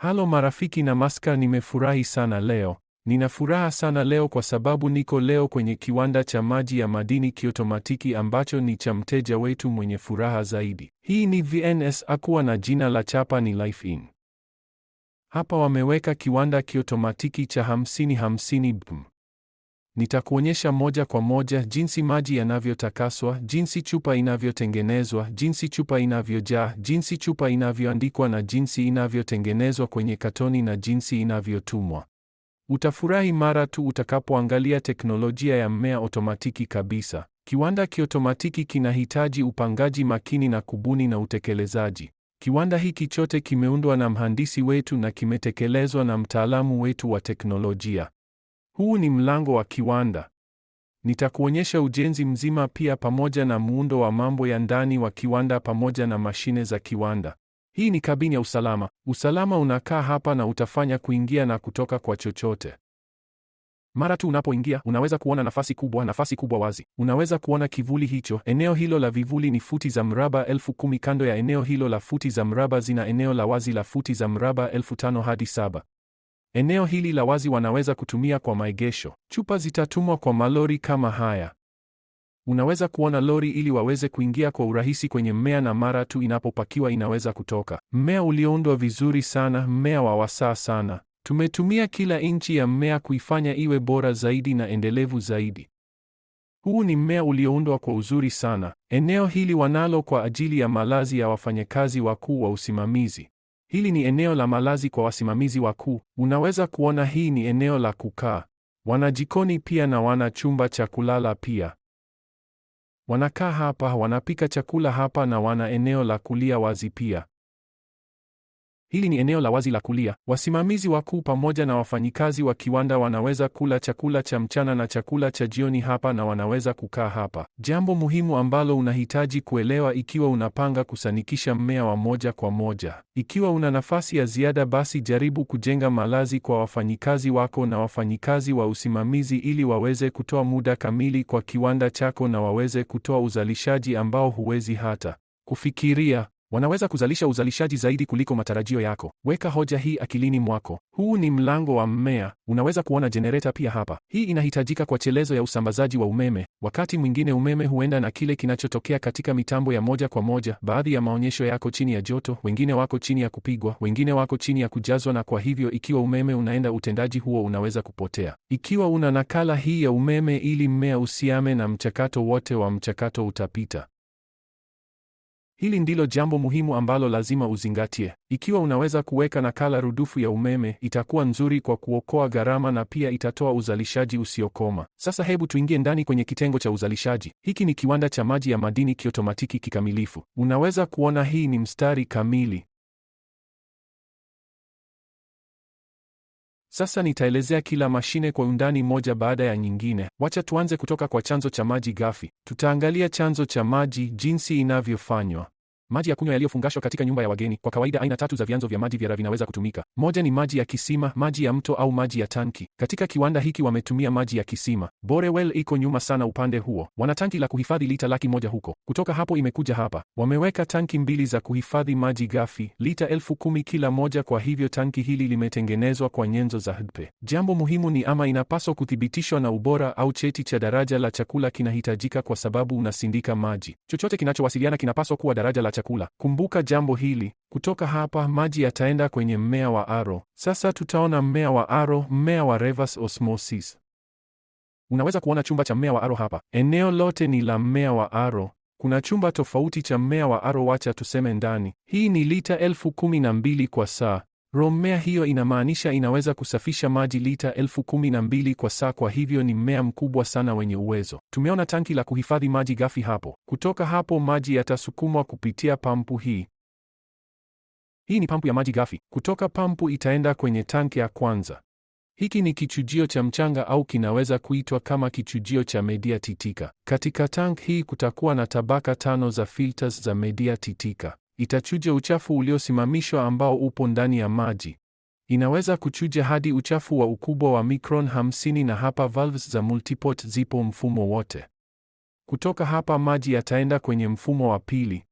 Halo marafiki na maska, nimefurahi sana leo. Nina furaha sana leo kwa sababu niko leo kwenye kiwanda cha maji ya madini kiotomatiki ambacho ni cha mteja wetu mwenye furaha zaidi. Hii ni VNS akuwa na jina la chapa ni Life In. Hapa wameweka kiwanda kiotomatiki cha hamsini hamsini BM. Nitakuonyesha moja kwa moja jinsi maji yanavyotakaswa, jinsi chupa inavyotengenezwa, jinsi chupa inavyojaa, jinsi chupa inavyoandikwa na jinsi inavyotengenezwa kwenye katoni na jinsi inavyotumwa. Utafurahi mara tu utakapoangalia teknolojia ya mmea otomatiki kabisa. Kiwanda kiotomatiki kinahitaji upangaji makini na kubuni na utekelezaji. Kiwanda hiki chote kimeundwa na mhandisi wetu na kimetekelezwa na mtaalamu wetu wa teknolojia. Huu ni mlango wa kiwanda. Nitakuonyesha ujenzi mzima pia pamoja na muundo wa mambo ya ndani wa kiwanda pamoja na mashine za kiwanda. Hii ni kabini ya usalama. Usalama unakaa hapa na utafanya kuingia na kutoka kwa chochote. Mara tu unapoingia unaweza kuona nafasi kubwa, nafasi kubwa wazi. Unaweza kuona kivuli hicho. Eneo hilo la vivuli ni futi za mraba elfu kumi. Kando ya eneo hilo la futi za mraba zina eneo la wazi la futi za mraba elfu tano hadi saba. Eneo hili la wazi wanaweza kutumia kwa maegesho. Chupa zitatumwa kwa malori kama haya. Unaweza kuona lori ili waweze kuingia kwa urahisi kwenye mmea na mara tu inapopakiwa inaweza kutoka. Mmea ulioundwa vizuri sana, mmea wa wasaa sana. Tumetumia kila inchi ya mmea kuifanya iwe bora zaidi na endelevu zaidi. Huu ni mmea ulioundwa kwa uzuri sana. Eneo hili wanalo kwa ajili ya malazi ya wafanyakazi wakuu wa usimamizi. Hili ni eneo la malazi kwa wasimamizi wakuu. Unaweza kuona hii ni eneo la kukaa. Wana jikoni pia na wana chumba cha kulala pia. Wanakaa hapa, wanapika chakula hapa na wana eneo la kulia wazi pia. Hili ni eneo la wazi la kulia. Wasimamizi wakuu pamoja na wafanyikazi wa kiwanda wanaweza kula chakula cha mchana na chakula cha jioni hapa na wanaweza kukaa hapa. Jambo muhimu ambalo unahitaji kuelewa ikiwa unapanga kusanikisha mmea wa moja kwa moja. Ikiwa una nafasi ya ziada basi jaribu kujenga malazi kwa wafanyikazi wako na wafanyikazi wa usimamizi ili waweze kutoa muda kamili kwa kiwanda chako na waweze kutoa uzalishaji ambao huwezi hata kufikiria. Wanaweza kuzalisha uzalishaji zaidi kuliko matarajio yako. Weka hoja hii akilini mwako. Huu ni mlango wa mmea. Unaweza kuona jenereta pia hapa. Hii inahitajika kwa chelezo ya usambazaji wa umeme. Wakati mwingine umeme huenda na kile kinachotokea katika mitambo ya moja kwa moja. Baadhi ya maonyesho yako chini ya joto, wengine wako chini ya kupigwa, wengine wako chini ya kujazwa, na kwa hivyo ikiwa umeme unaenda, utendaji huo unaweza kupotea. Ikiwa una nakala hii ya umeme ili mmea usiame na mchakato wote wa mchakato utapita. Hili ndilo jambo muhimu ambalo lazima uzingatie. Ikiwa unaweza kuweka nakala rudufu ya umeme, itakuwa nzuri kwa kuokoa gharama na pia itatoa uzalishaji usiokoma. Sasa hebu tuingie ndani kwenye kitengo cha uzalishaji. Hiki ni kiwanda cha maji ya madini kiotomatiki kikamilifu. Unaweza kuona hii ni mstari kamili. Sasa nitaelezea kila mashine kwa undani moja baada ya nyingine. Wacha tuanze kutoka kwa chanzo cha maji ghafi. Tutaangalia chanzo cha maji, jinsi inavyofanywa. Maji ya kunywa yaliyofungashwa katika nyumba ya wageni. Kwa kawaida aina tatu za vyanzo vya maji vya vinaweza kutumika. Moja ni maji ya kisima, maji ya mto au maji ya tanki. Katika kiwanda hiki wametumia maji ya kisima. Borewell iko nyuma sana upande huo. Wana tanki la kuhifadhi lita laki moja huko. Kutoka hapo imekuja hapa. Wameweka tanki mbili za kuhifadhi maji gafi lita elfu kumi kila moja. Kwa hivyo tanki hili limetengenezwa kwa nyenzo za HDPE. Jambo muhimu ni ama inapaswa kuthibitishwa na ubora au cheti cha daraja la chakula kinahitajika, kwa sababu unasindika maji. Chochote kinachowasiliana kinapaswa kuwa daraja la chakula. Kumbuka jambo hili. Kutoka hapa maji yataenda kwenye mmea wa aro. Sasa tutaona mmea wa aro, mmea wa reverse osmosis. Unaweza kuona chumba cha mmea wa aro hapa. Eneo lote ni la mmea wa aro. Kuna chumba tofauti cha mmea wa aro, wacha tuseme ndani. Hii ni lita elfu kumi na mbili kwa saa rommea hiyo inamaanisha inaweza kusafisha maji lita elfu kumi na mbili kwa saa. Kwa hivyo ni mmea mkubwa sana wenye uwezo. Tumeona tanki la kuhifadhi maji ghafi hapo. Kutoka hapo maji yatasukumwa kupitia pampu hii. Hii ni pampu ya maji ghafi. Kutoka pampu itaenda kwenye tanki ya kwanza. Hiki ni kichujio cha mchanga au kinaweza kuitwa kama kichujio cha media titika. Katika tank hii kutakuwa na tabaka tano za filters za media titika. Itachuja uchafu uliosimamishwa ambao upo ndani ya maji. Inaweza kuchuja hadi uchafu wa ukubwa wa mikron 50 na hapa valves za multiport zipo mfumo wote. Kutoka hapa maji yataenda kwenye mfumo wa pili.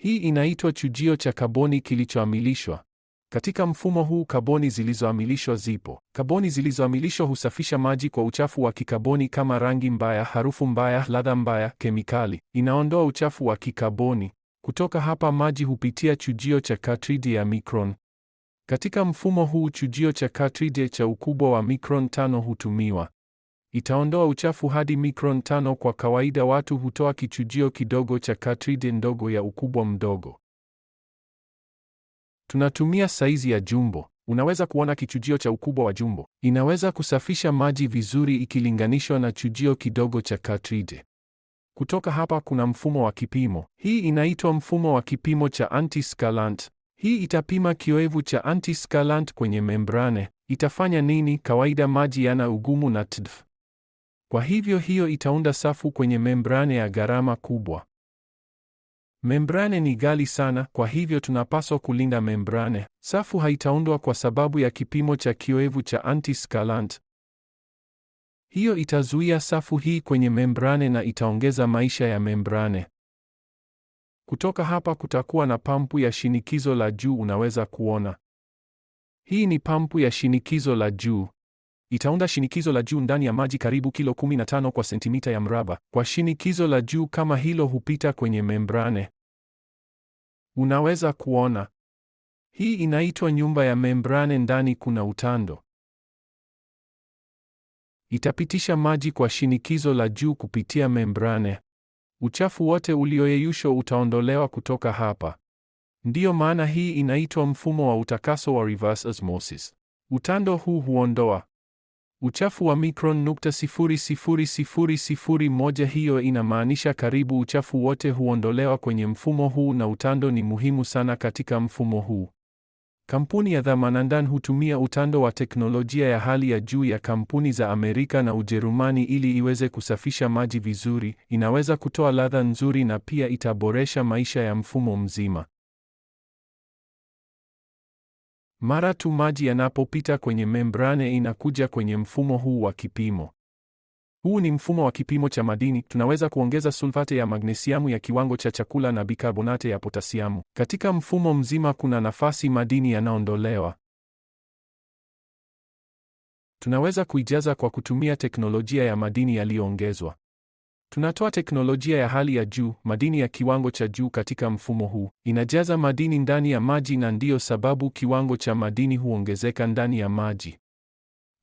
Hii inaitwa chujio cha kaboni kilichoamilishwa. Katika mfumo huu kaboni zilizoamilishwa zipo. Kaboni zilizoamilishwa husafisha maji kwa uchafu wa kikaboni kama rangi mbaya, harufu mbaya, ladha mbaya, kemikali. Inaondoa uchafu wa kikaboni. Kutoka hapa maji hupitia chujio cha katridi ya micron. Katika mfumo huu chujio cha katridi cha ukubwa wa micron tano hutumiwa. Itaondoa uchafu hadi micron tano. Kwa kawaida watu hutoa kichujio kidogo cha katridi ndogo ya ukubwa mdogo. Tunatumia saizi ya jumbo. Unaweza kuona kichujio cha ukubwa wa jumbo inaweza kusafisha maji vizuri ikilinganishwa na chujio kidogo cha katride. Kutoka hapa kuna mfumo wa kipimo. Hii inaitwa mfumo wa kipimo cha antiskalant. Hii itapima kioevu cha antiskalant kwenye membrane. Itafanya nini? Kawaida maji yana ugumu na tdf, kwa hivyo hiyo itaunda safu kwenye membrane ya gharama kubwa. Membrane ni ghali sana, kwa hivyo tunapaswa kulinda membrane. Safu haitaundwa kwa sababu ya kipimo cha kioevu cha antiscalant hiyo itazuia safu hii kwenye membrane na itaongeza maisha ya membrane. Kutoka hapa kutakuwa na pampu ya shinikizo la juu, unaweza kuona. Hii ni pampu ya shinikizo la juu. Itaunda shinikizo la juu ndani ya maji karibu kilo 15 kwa sentimita ya mraba. Kwa shinikizo la juu kama hilo hupita kwenye membrane. Unaweza kuona. Hii inaitwa nyumba ya membrane ndani kuna utando. Itapitisha maji kwa shinikizo la juu kupitia membrane. Uchafu wote ulioyeyushwa utaondolewa kutoka hapa. Ndiyo maana hii inaitwa mfumo wa utakaso wa reverse osmosis. Utando huu huondoa uchafu wa micron nukta sifuri sifuri sifuri sifuri moja. Hiyo inamaanisha karibu uchafu wote huondolewa kwenye mfumo huu, na utando ni muhimu sana katika mfumo huu. Kampuni ya Thermanandan hutumia utando wa teknolojia ya hali ya juu ya kampuni za Amerika na Ujerumani ili iweze kusafisha maji vizuri, inaweza kutoa ladha nzuri na pia itaboresha maisha ya mfumo mzima. Mara tu maji yanapopita kwenye membrane, inakuja kwenye mfumo huu wa kipimo. Huu ni mfumo wa kipimo cha madini. Tunaweza kuongeza sulfate ya magnesiamu ya kiwango cha chakula na bikarbonate ya potasiamu. Katika mfumo mzima kuna nafasi madini yanaondolewa. Tunaweza kuijaza kwa kutumia teknolojia ya madini yaliyoongezwa. Tunatoa teknolojia ya hali ya juu, madini ya kiwango cha juu katika mfumo huu. Inajaza madini ndani ya maji na ndiyo sababu kiwango cha madini huongezeka ndani ya maji.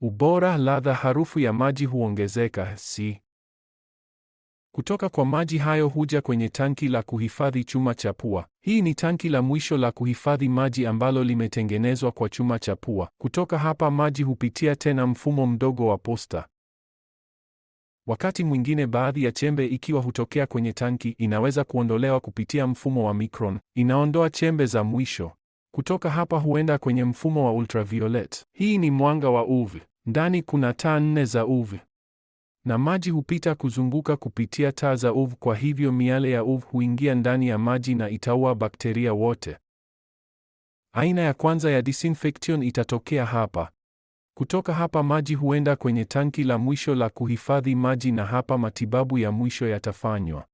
Ubora, ladha, harufu ya maji huongezeka, si? Kutoka kwa maji hayo huja kwenye tanki la kuhifadhi chuma cha pua. Hii ni tanki la mwisho la kuhifadhi maji ambalo limetengenezwa kwa chuma cha pua. Kutoka hapa maji hupitia tena mfumo mdogo wa posta. Wakati mwingine baadhi ya chembe ikiwa hutokea kwenye tanki inaweza kuondolewa kupitia mfumo wa mikron Inaondoa chembe za mwisho. Kutoka hapa huenda kwenye mfumo wa ultraviolet. Hii ni mwanga wa UV. Ndani kuna taa nne za UV na maji hupita kuzunguka kupitia taa za UV. Kwa hivyo miale ya UV huingia ndani ya maji na itaua bakteria wote. Aina ya kwanza ya disinfection itatokea hapa. Kutoka hapa maji huenda kwenye tanki la mwisho la kuhifadhi maji, na hapa matibabu ya mwisho yatafanywa.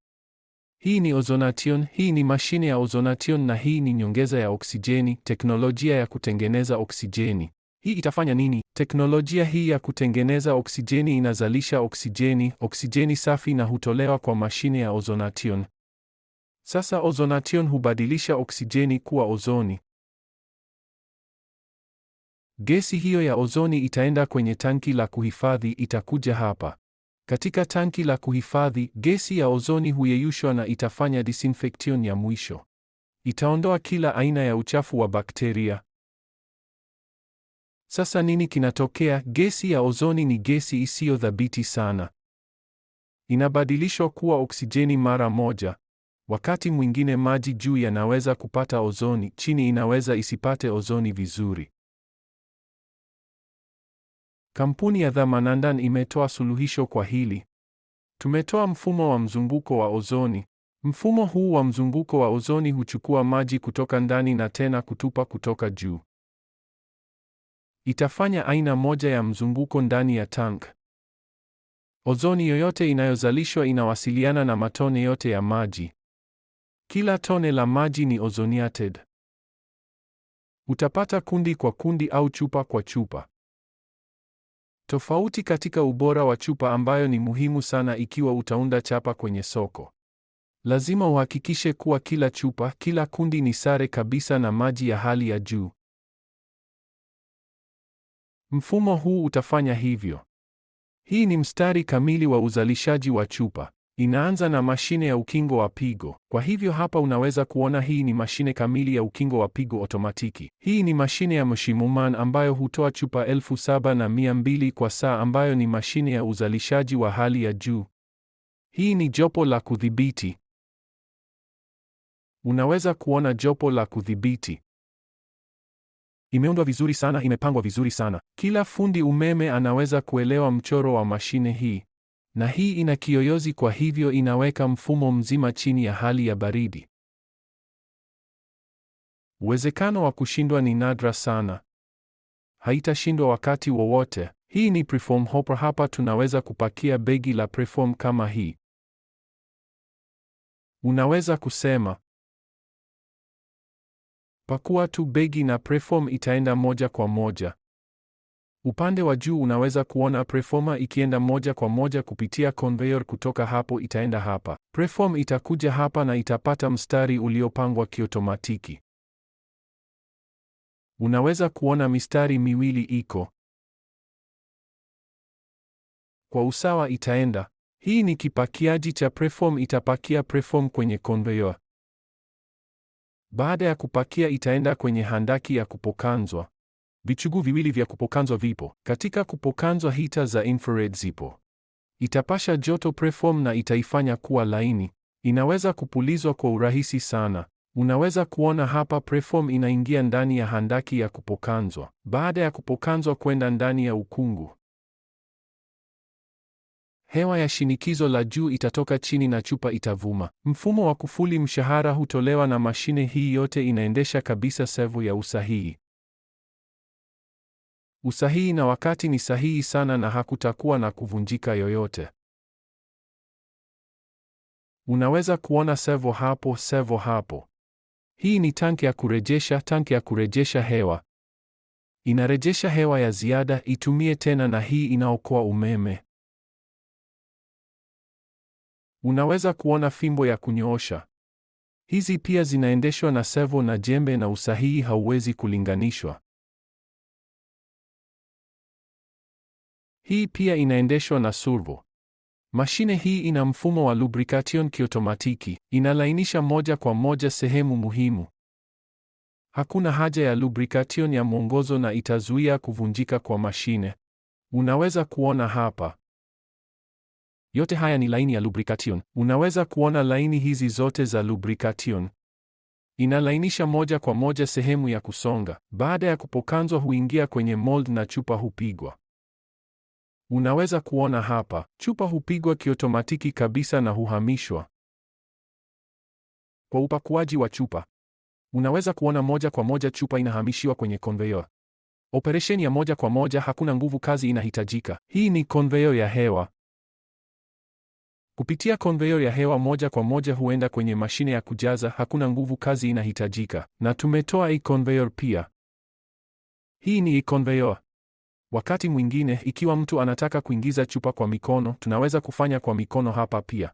Hii ni ozonation, hii ni mashine ya ozonation na hii ni nyongeza ya oksijeni, teknolojia ya kutengeneza oksijeni. Hii itafanya nini? Teknolojia hii ya kutengeneza oksijeni inazalisha oksijeni, oksijeni safi na hutolewa kwa mashine ya ozonation. Sasa ozonation hubadilisha oksijeni kuwa ozoni. Gesi hiyo ya ozoni itaenda kwenye tanki la kuhifadhi, itakuja hapa. Katika tanki la kuhifadhi, gesi ya ozoni huyeyushwa na itafanya disinfection ya mwisho. Itaondoa kila aina ya uchafu wa bakteria. Sasa nini kinatokea? Gesi ya ozoni ni gesi isiyo thabiti sana. Inabadilishwa kuwa oksijeni mara moja. Wakati mwingine maji juu yanaweza kupata ozoni, chini inaweza isipate ozoni vizuri. Kampuni ya Dhamanandan imetoa suluhisho kwa hili. Tumetoa mfumo wa mzunguko wa ozoni. Mfumo huu wa mzunguko wa ozoni huchukua maji kutoka ndani na tena kutupa kutoka juu. Itafanya aina moja ya mzunguko ndani ya tank. Ozoni yoyote inayozalishwa inawasiliana na matone yote ya maji. Kila tone la maji ni ozoniated. Utapata kundi kwa kundi au chupa kwa chupa. Tofauti katika ubora wa chupa ambayo ni muhimu sana ikiwa utaunda chapa kwenye soko. Lazima uhakikishe kuwa kila chupa, kila kundi ni sare kabisa na maji ya hali ya juu. Mfumo huu utafanya hivyo. Hii ni mstari kamili wa uzalishaji wa chupa. Inaanza na mashine ya ukingo wa pigo. Kwa hivyo hapa unaweza kuona hii ni mashine kamili ya ukingo wa pigo otomatiki. Hii ni mashine ya Mshimuman ambayo hutoa chupa elfu saba na mia mbili kwa saa ambayo ni mashine ya uzalishaji wa hali ya juu. Hii ni jopo la kudhibiti. Unaweza kuona jopo la kudhibiti. Imeundwa vizuri sana, imepangwa vizuri sana. Kila fundi umeme anaweza kuelewa mchoro wa mashine hii na hii ina kiyoyozi, kwa hivyo inaweka mfumo mzima chini ya hali ya baridi. Uwezekano wa kushindwa ni nadra sana. Haitashindwa wakati wowote. Hii ni preform hopper. Hapa tunaweza kupakia begi la preform kama hii. Unaweza kusema pakua tu begi na preform itaenda moja kwa moja. Upande wa juu unaweza kuona preforma ikienda moja kwa moja kupitia conveyor. Kutoka hapo itaenda hapa, preform itakuja hapa na itapata mstari uliopangwa kiotomatiki. Unaweza kuona mistari miwili iko kwa usawa itaenda. Hii ni kipakiaji cha preform, itapakia preform kwenye conveyor. Baada ya kupakia itaenda kwenye handaki ya kupokanzwa. Vichugu viwili vya kupokanzwa vipo katika kupokanzwa. Hita za infrared zipo, itapasha joto preform na itaifanya kuwa laini. Inaweza kupulizwa kwa urahisi sana. Unaweza kuona hapa preform inaingia ndani ya handaki ya kupokanzwa, baada ya kupokanzwa kwenda ndani ya ukungu. Hewa ya shinikizo la juu itatoka chini na chupa itavuma. Mfumo wa kufuli mshahara hutolewa na mashine hii. Yote inaendesha kabisa sevu ya usahihi usahihi na wakati ni sahihi sana na hakutakuwa na kuvunjika yoyote. Unaweza kuona servo hapo, servo hapo. Hii ni tanki ya kurejesha, tanki ya kurejesha hewa. Inarejesha hewa ya ziada, itumie tena na hii inaokoa umeme. Unaweza kuona fimbo ya kunyoosha. Hizi pia zinaendeshwa na servo na jembe na usahihi hauwezi kulinganishwa. Hii pia inaendeshwa na servo. Mashine hii ina mfumo wa lubrication kiotomatiki, inalainisha moja kwa moja sehemu muhimu. Hakuna haja ya lubrication ya mwongozo na itazuia kuvunjika kwa mashine. Unaweza kuona hapa. Yote haya ni laini ya lubrication. Unaweza kuona laini hizi zote za lubrication. Inalainisha moja kwa moja sehemu ya kusonga. Baada ya kupokanzwa huingia kwenye mold na chupa hupigwa. Unaweza kuona hapa, chupa hupigwa kiotomatiki kabisa na huhamishwa. Kwa upakuaji wa chupa, unaweza kuona moja kwa moja chupa inahamishiwa kwenye conveyor Operesheni ya moja kwa moja, hakuna nguvu kazi inahitajika. Hii ni conveyor ya hewa. Kupitia conveyor ya hewa moja kwa moja huenda kwenye mashine ya kujaza, hakuna nguvu kazi inahitajika. Na tumetoa e-conveyor pia. Hii ni e-conveyor. Wakati mwingine, ikiwa mtu anataka kuingiza chupa kwa mikono, tunaweza kufanya kwa mikono hapa pia.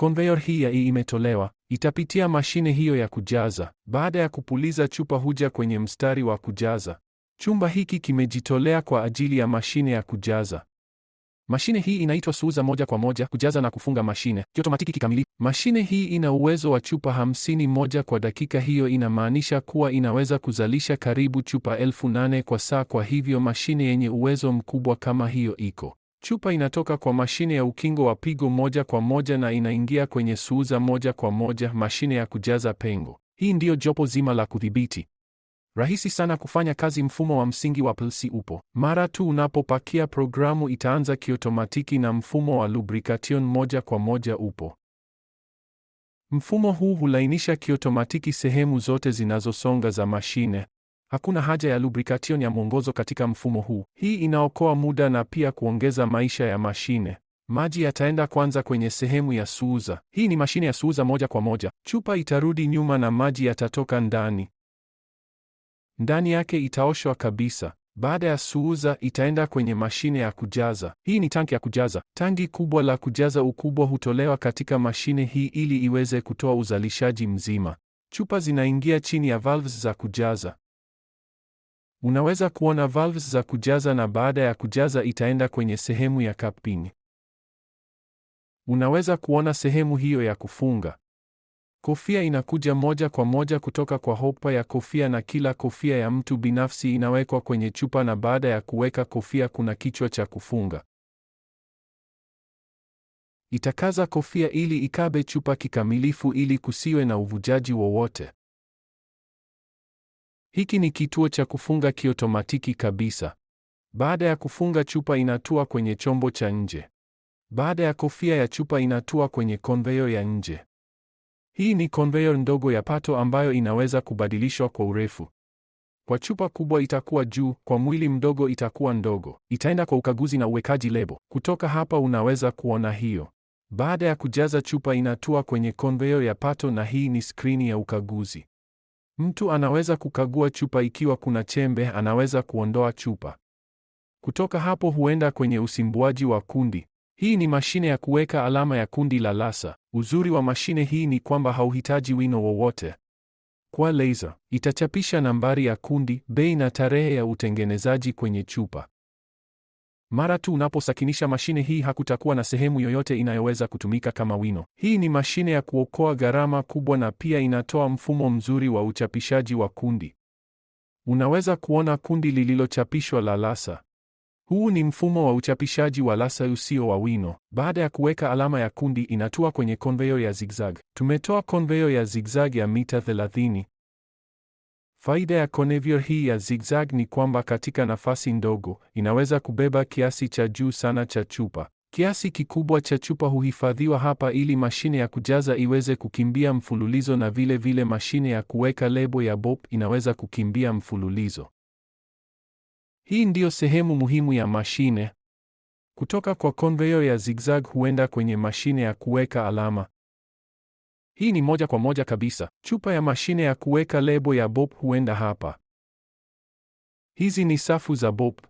Conveyor hii ya imetolewa, itapitia mashine hiyo ya kujaza. Baada ya kupuliza, chupa huja kwenye mstari wa kujaza. Chumba hiki kimejitolea kwa ajili ya mashine ya kujaza. Mashine hii inaitwa suza moja kwa moja kujaza na kufunga mashine kiotomatiki kikamilifu. Mashine hii ina uwezo wa chupa hamsini moja kwa dakika, hiyo inamaanisha kuwa inaweza kuzalisha karibu chupa elfu nane kwa saa. Kwa hivyo mashine yenye uwezo mkubwa kama hiyo iko chupa inatoka kwa mashine ya ukingo wa pigo moja kwa moja na inaingia kwenye Suuza moja kwa moja, mashine ya kujaza pengo. Hii ndiyo jopo zima la kudhibiti. Rahisi sana kufanya kazi. Mfumo wa msingi wa PLC upo. Mara tu unapopakia programu itaanza kiotomatiki, na mfumo wa lubrication moja kwa moja upo. Mfumo huu hulainisha kiotomatiki sehemu zote zinazosonga za mashine. Hakuna haja ya lubrication ya mwongozo katika mfumo huu. Hii inaokoa muda na pia kuongeza maisha ya mashine. Maji yataenda kwanza kwenye sehemu ya suuza. Hii ni mashine ya suuza moja kwa moja. Chupa itarudi nyuma na maji yatatoka ndani ndani yake itaoshwa kabisa. Baada ya suuza, itaenda kwenye mashine ya kujaza. Hii ni tanki ya kujaza. Tangi kubwa la kujaza ukubwa hutolewa katika mashine hii ili iweze kutoa uzalishaji mzima. Chupa zinaingia chini ya valves za kujaza. Unaweza kuona valves za kujaza, na baada ya kujaza itaenda kwenye sehemu ya capping. Unaweza kuona sehemu hiyo ya kufunga. Kofia inakuja moja kwa moja kutoka kwa hopa ya kofia, na kila kofia ya mtu binafsi inawekwa kwenye chupa, na baada ya kuweka kofia kuna kichwa cha kufunga. Itakaza kofia ili ikabe chupa kikamilifu ili kusiwe na uvujaji wowote. Hiki ni kituo cha kufunga kiotomatiki kabisa. Baada ya kufunga chupa inatua kwenye chombo cha nje. Baada ya kofia ya chupa inatua kwenye konveyo ya nje. Hii ni conveyor ndogo ya pato ambayo inaweza kubadilishwa kwa urefu. Kwa chupa kubwa itakuwa juu, kwa mwili mdogo itakuwa ndogo. Itaenda kwa ukaguzi na uwekaji lebo. Kutoka hapa unaweza kuona hiyo. Baada ya kujaza chupa inatua kwenye conveyor ya pato na hii ni skrini ya ukaguzi. Mtu anaweza kukagua chupa ikiwa kuna chembe, anaweza kuondoa chupa. Kutoka hapo huenda kwenye usimbuaji wa kundi. Hii ni mashine ya kuweka alama ya kundi la lasa Uzuri wa mashine hii ni kwamba hauhitaji wino wowote. Kwa laser, itachapisha nambari ya kundi, bei na tarehe ya utengenezaji kwenye chupa. Mara tu unaposakinisha mashine hii, hakutakuwa na sehemu yoyote inayoweza kutumika kama wino. Hii ni mashine ya kuokoa gharama kubwa na pia inatoa mfumo mzuri wa uchapishaji wa kundi. Unaweza kuona kundi lililochapishwa la lasa huu ni mfumo wa uchapishaji wa lasa usio wa wino. Baada ya kuweka alama ya kundi, inatua kwenye konveyo ya zigzag. Tumetoa konveyo ya zigzag ya mita 30. Faida ya konveyo hii ya zigzag ni kwamba katika nafasi ndogo inaweza kubeba kiasi cha juu sana cha chupa. Kiasi kikubwa cha chupa huhifadhiwa hapa ili mashine ya kujaza iweze kukimbia mfululizo, na vile vile mashine ya kuweka lebo ya BOP inaweza kukimbia mfululizo. Hii ndiyo sehemu muhimu ya mashine. Kutoka kwa konveyo ya zigzag huenda kwenye mashine ya kuweka alama. Hii ni moja kwa moja kabisa. Chupa ya mashine ya kuweka lebo ya BOP huenda hapa. Hizi ni safu za BOP.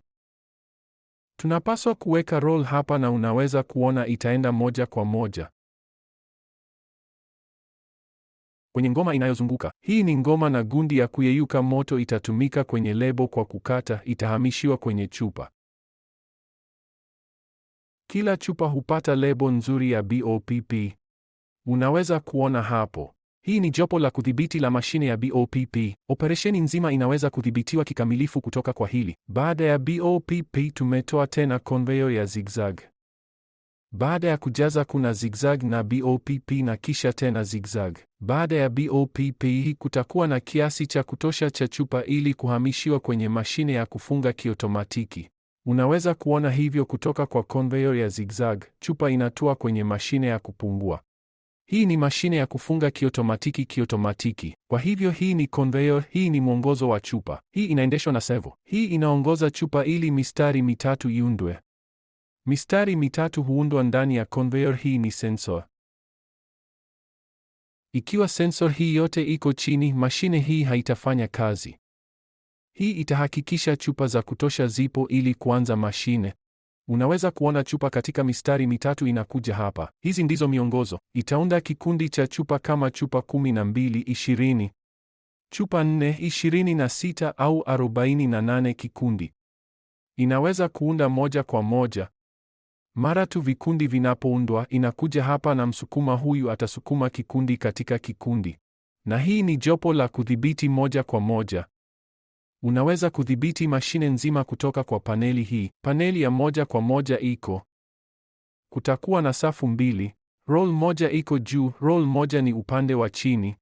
Tunapaswa kuweka roll hapa na unaweza kuona itaenda moja kwa moja. kwenye ngoma inayozunguka. Hii ni ngoma na gundi ya kuyeyuka moto itatumika kwenye lebo kwa kukata, itahamishiwa kwenye chupa. Kila chupa hupata lebo nzuri ya BOPP. Unaweza kuona hapo. Hii ni jopo la kudhibiti la mashine ya BOPP. Operesheni nzima inaweza kudhibitiwa kikamilifu kutoka kwa hili. Baada ya BOPP tumetoa tena konveyo ya zigzag. Baada ya kujaza kuna zigzag na BOPP na kisha tena zigzag. Baada ya BOPP kutakuwa na kiasi cha kutosha cha chupa ili kuhamishiwa kwenye mashine ya kufunga kiotomatiki. Unaweza kuona hivyo kutoka kwa conveyor ya zigzag, chupa inatua kwenye mashine ya kupungua. Hii ni mashine ya kufunga kiotomatiki kiotomatiki. Kwa hivyo hii ni conveyor, hii ni mwongozo wa chupa. Hii inaendeshwa na servo. Hii inaongoza chupa ili mistari mitatu iundwe. Mistari mitatu huundwa ndani ya conveyor, Hii ni sensor. Ikiwa sensor hii yote iko chini, mashine hii haitafanya kazi. Hii itahakikisha chupa za kutosha zipo ili kuanza mashine. Unaweza kuona chupa katika mistari mitatu inakuja hapa. Hizi ndizo miongozo. Itaunda kikundi cha chupa kama chupa 12, 20, chupa 4, 26 au 48 kikundi. Inaweza kuunda moja kwa moja. Mara tu vikundi vinapoundwa, inakuja hapa na msukuma huyu atasukuma kikundi katika kikundi, na hii ni jopo la kudhibiti moja kwa moja. Unaweza kudhibiti mashine nzima kutoka kwa paneli hii. Paneli ya moja kwa moja iko, kutakuwa na safu mbili. Roll moja iko juu, roll moja ni upande wa chini.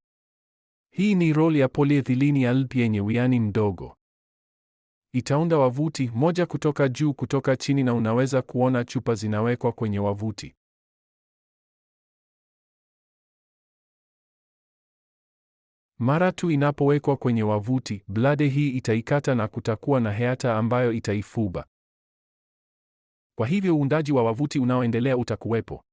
Hii ni roll ya polyethylene aldehyde yenye wiani mdogo itaunda wavuti moja kutoka juu kutoka chini, na unaweza kuona chupa zinawekwa kwenye wavuti. Mara tu inapowekwa kwenye wavuti, blade hii itaikata na kutakuwa na heata ambayo itaifuba. Kwa hivyo uundaji wa wavuti unaoendelea utakuwepo.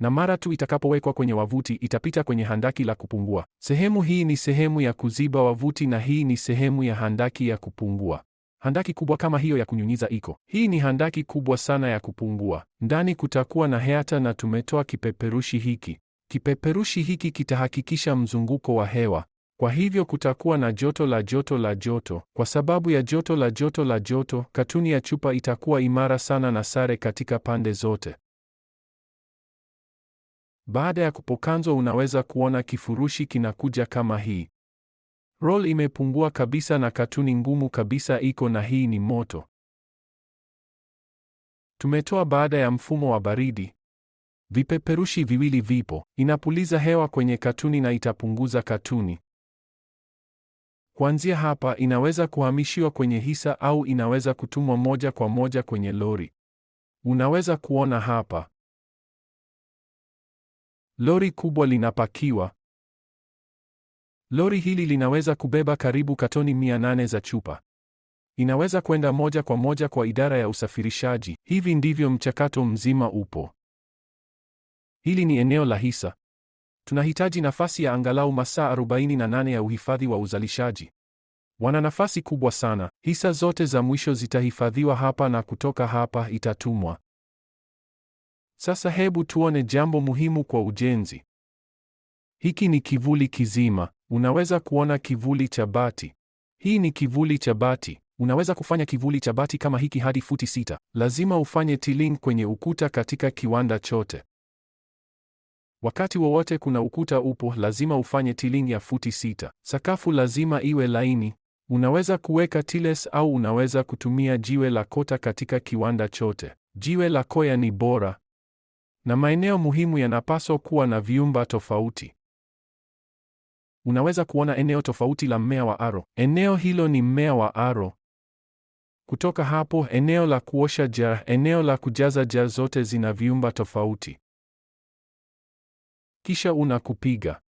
Na mara tu itakapowekwa kwenye wavuti, itapita kwenye handaki la kupungua. Sehemu hii ni sehemu ya kuziba wavuti na hii ni sehemu ya handaki ya kupungua. Handaki kubwa kama hiyo ya kunyunyiza iko. Hii ni handaki kubwa sana ya kupungua. Ndani kutakuwa na heata na tumetoa kipeperushi hiki. Kipeperushi hiki kitahakikisha mzunguko wa hewa. Kwa hivyo kutakuwa na joto la joto la joto. Kwa sababu ya joto la joto la joto, katuni ya chupa itakuwa imara sana na sare katika pande zote. Baada ya kupokanzwa, unaweza kuona kifurushi kinakuja kama hii. Roll imepungua kabisa na katuni ngumu kabisa iko na hii ni moto. Tumetoa baada ya mfumo wa baridi. Vipeperushi viwili vipo, inapuliza hewa kwenye katuni na itapunguza katuni. Kuanzia hapa inaweza kuhamishiwa kwenye hisa au inaweza kutumwa moja kwa moja kwenye lori. Unaweza kuona hapa. Lori kubwa linapakiwa. Lori hili linaweza kubeba karibu katoni 800 za chupa. Inaweza kwenda moja kwa moja kwa idara ya usafirishaji. Hivi ndivyo mchakato mzima upo. Hili ni eneo la hisa. Tunahitaji nafasi ya angalau masaa 48 ya uhifadhi wa uzalishaji. Wana nafasi kubwa sana. Hisa zote za mwisho zitahifadhiwa hapa na kutoka hapa itatumwa. Sasa hebu tuone jambo muhimu kwa ujenzi. Hiki ni kivuli kizima. Unaweza kuona kivuli cha bati. Hii ni kivuli cha bati. Unaweza kufanya kivuli cha bati kama hiki hadi futi sita. Lazima ufanye tiling kwenye ukuta katika kiwanda chote. Wakati wowote kuna ukuta upo, lazima ufanye tiling ya futi sita. Sakafu lazima iwe laini. Unaweza kuweka tiles au unaweza kutumia jiwe la kota katika kiwanda chote. Jiwe la koya ni bora. Na maeneo muhimu yanapaswa kuwa na vyumba tofauti unaweza kuona eneo tofauti la mmea wa aro. Eneo hilo ni mmea wa aro. Kutoka hapo, eneo la kuosha ja eneo la kujaza ja zote zina viumba tofauti. Kisha unakupiga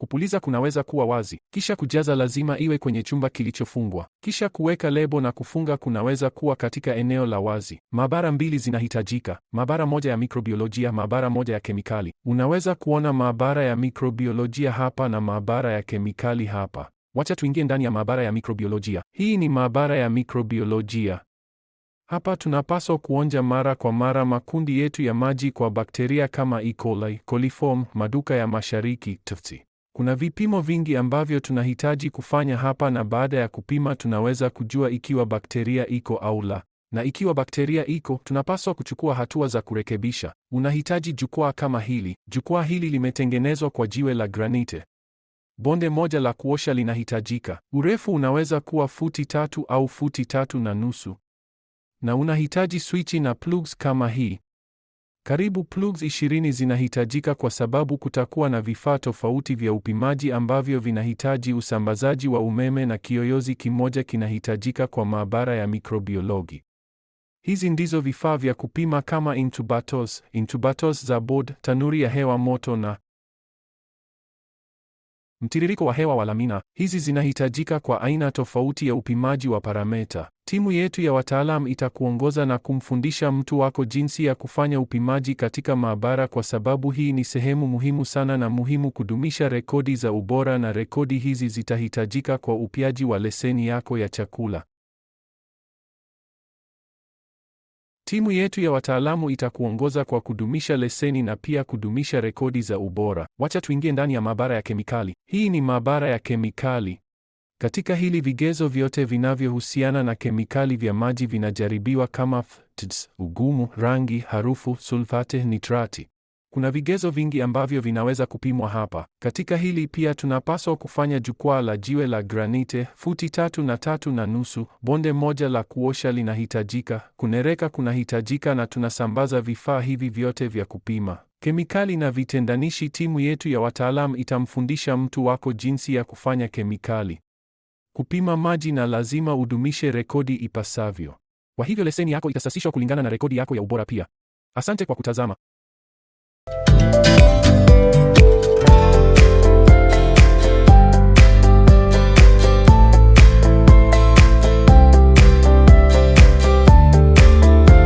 Kupuliza kunaweza kuwa wazi, kisha kujaza lazima iwe kwenye chumba kilichofungwa, kisha kuweka lebo na kufunga kunaweza kuwa katika eneo la wazi. Maabara mbili zinahitajika, maabara moja ya mikrobiolojia, maabara moja ya kemikali. Unaweza kuona maabara ya mikrobiolojia hapa na maabara ya kemikali hapa. Wacha tuingie ndani ya maabara ya mikrobiolojia. Hii ni maabara ya mikrobiolojia. Hapa tunapaswa kuonja mara kwa mara makundi yetu ya maji kwa bakteria kama E. coli, coliform, maduka ya mashariki, tufti. Kuna vipimo vingi ambavyo tunahitaji kufanya hapa, na baada ya kupima tunaweza kujua ikiwa bakteria iko au la. Na ikiwa bakteria iko, tunapaswa kuchukua hatua za kurekebisha. Unahitaji jukwaa kama hili. Jukwaa hili limetengenezwa kwa jiwe la granite. Bonde moja la kuosha linahitajika. Urefu unaweza kuwa futi tatu au futi tatu na nusu. Na unahitaji swichi na plugs kama hii. Karibu plugs ishirini zinahitajika kwa sababu kutakuwa na vifaa tofauti vya upimaji ambavyo vinahitaji usambazaji wa umeme na kiyoyozi kimoja kinahitajika kwa maabara ya mikrobiologi. Hizi ndizo vifaa vya kupima kama intubators, intubators za board, tanuri ya hewa moto na Mtiririko wa hewa wa lamina hizi zinahitajika kwa aina tofauti ya upimaji wa parameta. Timu yetu ya wataalam itakuongoza na kumfundisha mtu wako jinsi ya kufanya upimaji katika maabara, kwa sababu hii ni sehemu muhimu sana na muhimu kudumisha rekodi za ubora, na rekodi hizi zitahitajika kwa upiaji wa leseni yako ya chakula. Timu yetu ya wataalamu itakuongoza kwa kudumisha leseni na pia kudumisha rekodi za ubora. Wacha tuingie ndani ya maabara ya kemikali. Hii ni maabara ya kemikali. Katika hili vigezo vyote vinavyohusiana na kemikali vya maji vinajaribiwa kama ugumu, rangi, harufu, sulfate, nitrati. Kuna vigezo vingi ambavyo vinaweza kupimwa hapa. Katika hili pia tunapaswa kufanya jukwaa la jiwe la granite futi tatu na tatu na nusu, bonde moja la kuosha linahitajika, kunereka kunahitajika na tunasambaza vifaa hivi vyote vya kupima. Kemikali na vitendanishi. Timu yetu ya wataalamu itamfundisha mtu wako jinsi ya kufanya kemikali. Kupima maji na lazima udumishe rekodi ipasavyo. Kwa hivyo leseni yako itasasishwa kulingana na rekodi yako ya ubora pia. Asante kwa kutazama.